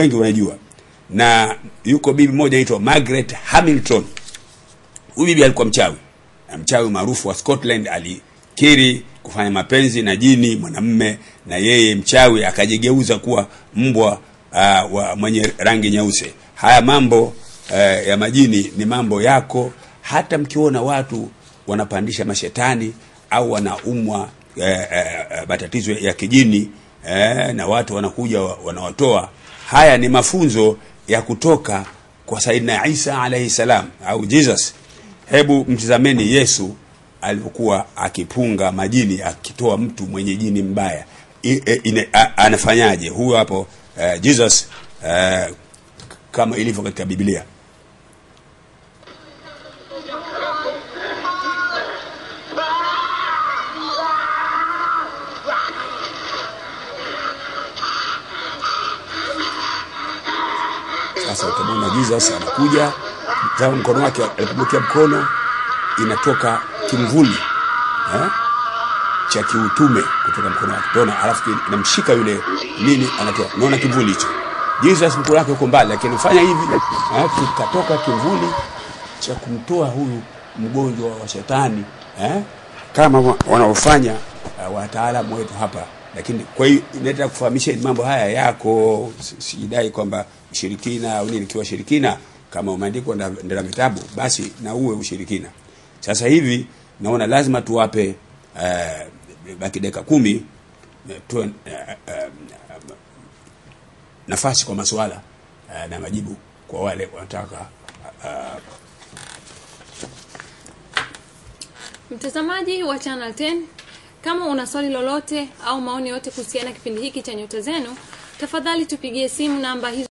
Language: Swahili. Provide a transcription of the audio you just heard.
wengi wanajua, na yuko bibi mmoja anaitwa Margaret Hamilton. Huyu bibi alikuwa mchawi na mchawi maarufu wa Scotland, alikiri kufanya mapenzi na jini mwanamme, na yeye mchawi akajigeuza kuwa mbwa uh, wa mwenye rangi nyeusi. Haya mambo uh, ya majini ni mambo yako, hata mkiona watu wanapandisha mashetani au wanaumwa uh, uh, matatizo ya kijini eh, na watu wanakuja wanawatoa. Haya ni mafunzo ya kutoka kwa Saidina Isa alayhi salam au Jesus. Hebu mtizameni Yesu alivyokuwa akipunga majini, akitoa mtu mwenye jini mbaya. I, e, ine, a, anafanyaje? Huyo hapo uh, Jesus uh, kama ilivyo katika Biblia Sasa utamwona Jesus anakuja zao mkono wake alipobokea mkono inatoka kimvuli eh, cha kiutume kutoka mkono wake tunaona, alafu inamshika yule nini, anatoa unaona kimvuli hicho. Jesus mkono wake uko mbali, lakini fanya hivi eh, kikatoka kimvuli cha kumtoa huyu mgonjwa wa shetani eh, kama wanaofanya uh, wataalamu wetu hapa lakini kwa hiyo inaenda kufahamisha mambo haya yako. Sijidai kwamba ushirikina au nini. Kiwa shirikina kama umeandikwa ndani ya vitabu, basi na uwe ushirikina. Sasa hivi naona lazima tuwape uh, baki dakika kumi tu, uh, um, nafasi kwa maswala uh, na majibu kwa wale wanataka uh, mtazamaji wa Channel 10 kama una swali lolote au maoni yote kuhusiana kipindi hiki cha Nyota Zenu, tafadhali tupigie simu namba hizo.